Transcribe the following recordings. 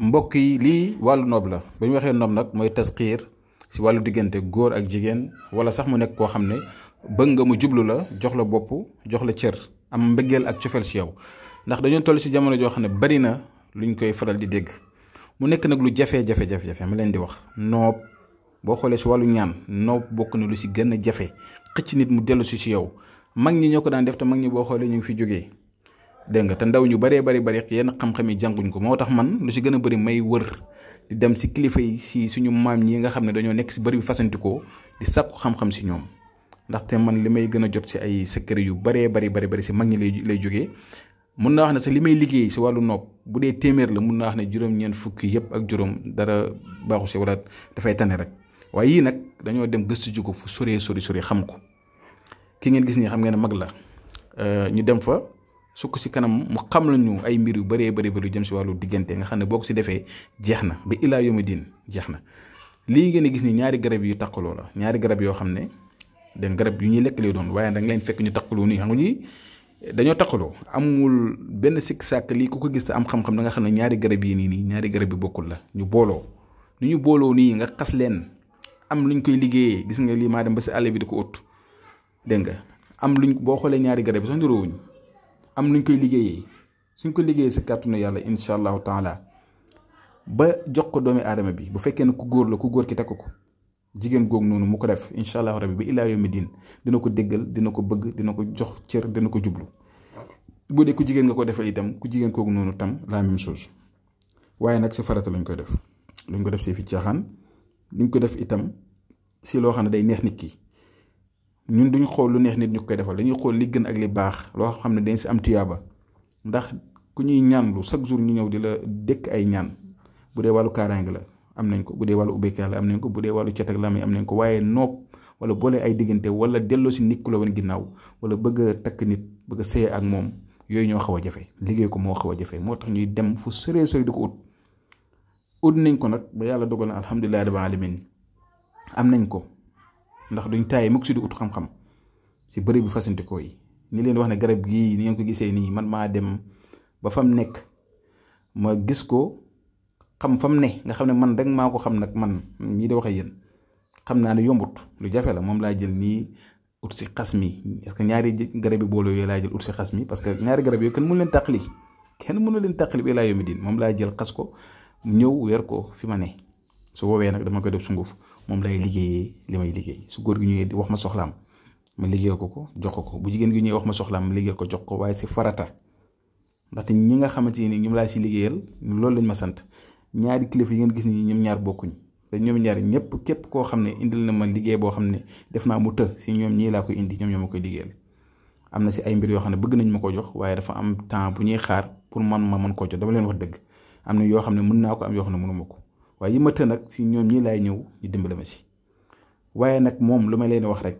mbokk yi lii wàllu noob la ba ñu waxee noob nag mooy tasxiir si wàllu diggante góor ak jigéen wala sax mu nekk koo xam ne bëgg nga mu jublu la jox la bopp jox la cër am mbëggeel ak cofeel si yow ndax dañoo toll si jamono joo xam ne bari na luñ koy faral di dégg mu nekk nag lu jafe jafe jafe ma leen di wax noob boo xoolee si wàllu ñaan noob bokk na lu ci gën a jafe xëcc nit mu dellu si si yow mag ñi ñoo ko daan def te mag ñi boo xoolee ñu ngi fi jógee dégg nga te ndaw ñu bëree bëri bëri yenn xam-xam yi jànguñ ko moo tax man lu si gën a bëri may wër di dem si kilifa yi si suñu maam ñi nga xam ne dañoo nekk si bëri bi fasantikoo di sàkku xam-xam si ñoom ndaxte man li may gën a jot si ay secret yu bëree bëri bëri bëri si mag ñi lay lay jógee mun naa wax ne sax li may liggéey si wàllu nopp bu dee téeméer la mun naa wax ne juróom-ñeent fukki yëpp ak juróom dara baaxu si wala dafay tane rek waaye yii nag dañoo dem gëstu ji ko fu soree sori sori xam ko ki ngeen gis nii xam ngeen mag la ñu dem fa sukk si kanam mu xam lañu ay mbir yu bëree bëri bëri jëm si wàllu diggante nga xam ne boo ko si defee jeex na ba ilaa yomi diin jeex na lii ngeen gis ni ñaari garab yu takkaloo la ñaari garab yoo xam ne den garab yu ñuy lekk doon waaye da leen fekk ñu takkaloo nii xam nga dañoo takkaloo amul benn sikk sàkk lii ku ko gis te am xam da nga xam ne ñaari garab yi nii nii ñaari garab yi bokkul la ñu booloo lu ñu booloo nii nga xas leen am luñ koy liggéeyee gis nga lii maa dem ba si àll bi di ko ut dégg nga am ñu boo xoolee ñaari garab yi sax niroowuñ am ñu koy liggéeyee suñ ko liggéeyee si kàttanu yàlla incha allahu taala ba jox ko doomi aadama bi bu fekkee ne ku góor la ku góor ki takk ko jigéen googu noonu mu ko def incha allahu rabbi ba ilaa yawmi diin dina ko déggal dina ko bëgg dina ko jox cër dina ko jublu bu dee ku jigéen nga ko defee itam ku jigéen kooku noonu tam la même chose waaye nag si farata lañ koy def luñ ko def si fi caaxaan luñ ko def itam si loo xam ne day neex nit ki. ñun duñu xool lu neex nit ñu koy defal dañuy xool li gën ak li baax loo xam ne dañ si am tuyaaba ndax ku ñuy ñaanlu chaque jour ñu ñëw di la dëkk ay ñaan bu dee wàllu kaaraange la am nañ ko bu dee wàllu ubbekaay la am nañ ko bu dee wàllu cat ak lamiñ nañ ko waaye nopp wala boole ay diggante wala delloo si nit la woon ginnaaw wala bëgg takk nit bëgg a ak moom yooyu ñoo xaw a jafe liggéey ko moo xaw a jafe moo tax ñuy dem fu sëree sëri di ko ut ut nañ ko nag ba yàlla dogal na alhamdulilah rabbil alamin am nañ ko ndax duñ tàyyi mukk si di ut xam-xam si bëri bu fasantikoo yi ni leen wax ne garab gii ni ngeen ko gisee nii man maa dem ba fam nekk ma gis ko xam fam ne nga xam ne man rek maa ko xam nag man ñii di waxee ak yéen xam naa ne yombut lu jafe la moom laa jël nii ut si xas mi parce que ñaari garab yi booloo yooyu laa jël ut si xas mi parce que ñaari garab yooyu kenn mënu leen tàqali kenn mënu leen tàqali bi laa yomi diin moom laa jël xas ko ñëw weer ko fi ma ne su boobee nag dama koy def sunguf moom lay liggéeyee li may liggéey su góor gi ñëwee di wax ma soxlaam ma liggéeyal ko ko jox ko bu jigéen gi ñuy wax ma soxlaam ma liggéeyal ko jox ko waaye si farata ndaxte ñi nga xamante ni ñoom laa si liggéeyal loolu lañ ma sant ñaari kilifa yi ngeen gis ni ñoom ñaar bokkuñ te ñoom ñaar ñëpp koo xam ne indil na ma liggéey boo xam ne def naa mu të si ñoom ñii laa koy indi ñoom ñoo ma koy liggéeyal am na si ay mbir yoo xam ne bëgg nañ ma ko jox waaye dafa am temps bu ñuy xaar pour man ma mën koo jox dama leen wax dëgg am na yoo xam ne mën naa ko am yoo xam ne mënuma ko waaye yi ma të nag si ñoom ñii laay ñëw ñu dimbale ma si waaye nag moom lu may leen wax rek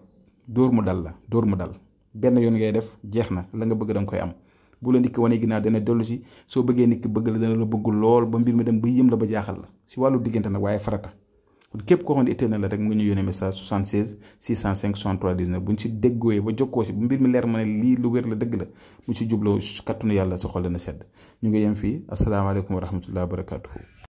dóor mu dal la dóor mu dal benn yoon ngay def jeex na la nga bëgg danga koy am bu la nit ki wanee ginnaaw dana dellu si soo bëggee nit bëgg la dana la bëggul lool ba mbir mi dem ba yëm la ba jaaxal la si wàllu diggante nag waaye farata kon képp koo xam ne na la rek mu ngi ñu yónnee message 76 605 63 19 buñ si déggooyee ba jokkoo bu mi leer ma lii lu wér la dëgg la mu si jubloo kattanu yàlla sa xol sedd ñu ngi yem fii asalaamaaleykum wa rahmatullahi wa barakatuhu